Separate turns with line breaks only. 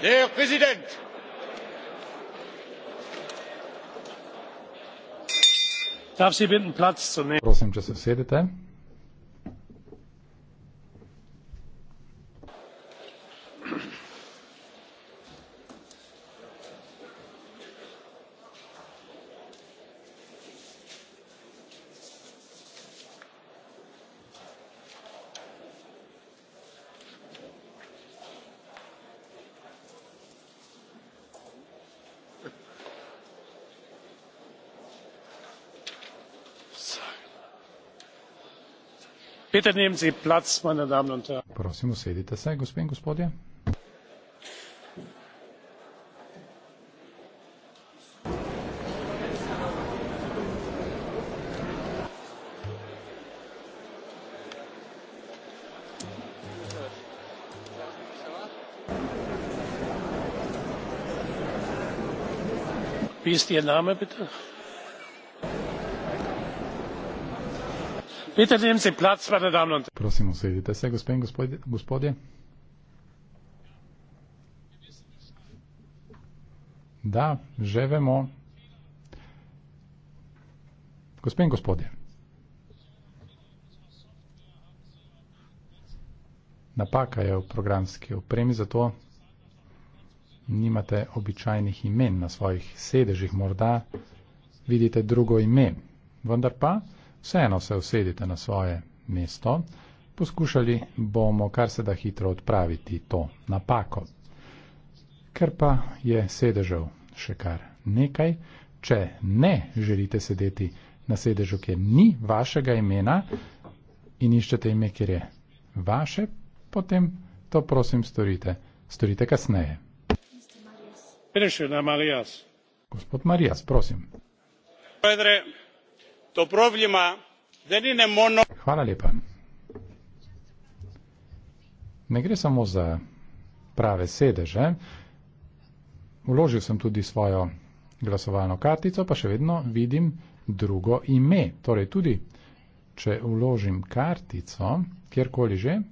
herr präsident!
darf ich sie bitten platz zu nehmen? bitte nehmen sie platz meine damen und herren!
prosim usedite se gospe in gospodje.
wie ist ihr name bitte?
prosim usedite se gospe in gospodje da že vemo gospe in gospodje napaka je v programski opremi zato nimate običajnih imen na svojih sedežih morda vidite drugo ime vendar pa vseeno se usedite na svoje mesto, poskušali bomo kar se da hitro odpraviti to napako. Ker pa je sedežev še kar nekaj, če ne želite sedeti na sedežu, ki ni vašega imena in iščete ime, kjer je vaše, potem to prosim storite, storite kasneje. Gospod Marijas, prosim. Padre. Hvala lepa. Ne gre samo za prave sedeže. Uložil sem tudi svojo glasovalno kartico, pa še vedno vidim drugo ime. Torej tudi, če uložim kartico, kjerkoli že,